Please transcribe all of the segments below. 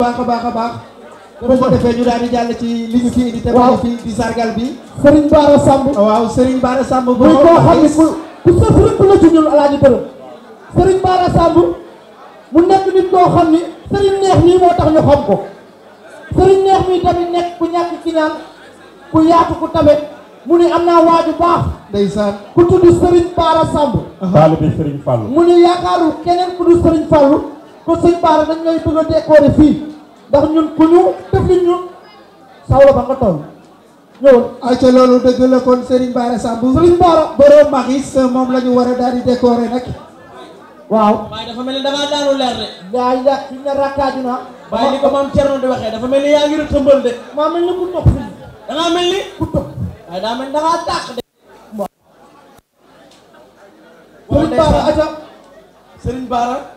baax a baax a baax bu ko defee ñu daal di jàll ci li fi indi te fi di sargal bi Serigne Bara Samb waaw Serigne Bara Samb bu koo xam ne ku saf rëpp la ci ñun alaaji bërëm Serigne Bara Samb mu nekk nit koo xam ni Serigne Neex nii moo tax ñu xam ko Serigne Neex mii tamit nekk ku ñàkk ci ñaan ku yaatu ku tamit mu ni am naa waaju baax ndeysaan ku tudd Serigne Bara Samb taalibe Serigne Fallou mu ni yaakaaru keneen ku du Serigne Fallou ko sëñ Baara dañ lay bëgg a décorer fii ndax ñun ku ñu def li ñu sawla ba nga toll ñoo ay ayca lolu dëgg la kon Serigne Baara bu Serigne Baara borom Maxis mom lañu wara daal di décorer nak waaw waaye dafa melni ni damaa daanu leer de yaa ya suñ ne rakkaaju na waaye li ko maam cerno di waxe dafa melni yaangi ru ngi de ma melni ku tok fi da nga melni ku tok ay da melni da nga tak de Serigne Baara aca Serigne Baara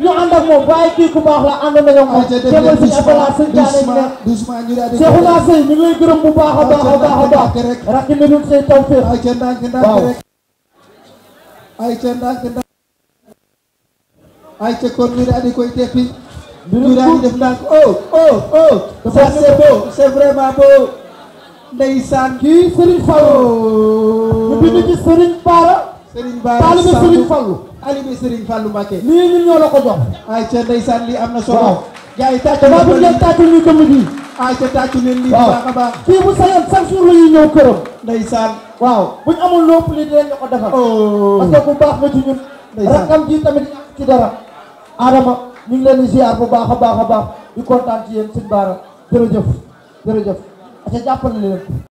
ñu ànd ak moom waaye kii ku baax la ànd nañoo moom jéemal suñu appellation suñu jaaree ñu ne Cheikhouna Seye ñu ngi lay gërëm bu baax a baax a baax a baax rakk mi dul say taw féex waaw ay ca ndànk ndànk ay ca kon ñu daal di koy teppi ñu daal di def ndànk oh oh oh ça c'est beau c'est vraiment beau ndeysaan kii Serigne Fall ñu oh. bind ci Serigne Bara Serigne Bara Samb taalibe Serigne Fallou. taalibe Serigne Fallou lii ñun ñoo la ko jox. ay ca ndeysaan lii am na solo. waaw gars yi tàcc nañu ko lii tàccu ñu ko midi. lii bu baax a baax. fii bu sañoon chaque jour la ñuy ñëw këram. ndeysaan waaw buñ amul loo pli dinañ la ko defal. Oh. parce bu baax nga ci ñun. ndeysaan rakam ji tamit ci dara. Adama ñu ngi leen di ziar bu baax a baax a baax di kontaan ci yéen Serigne Bara jërëjëf jërëjëf. ca jàppale leen.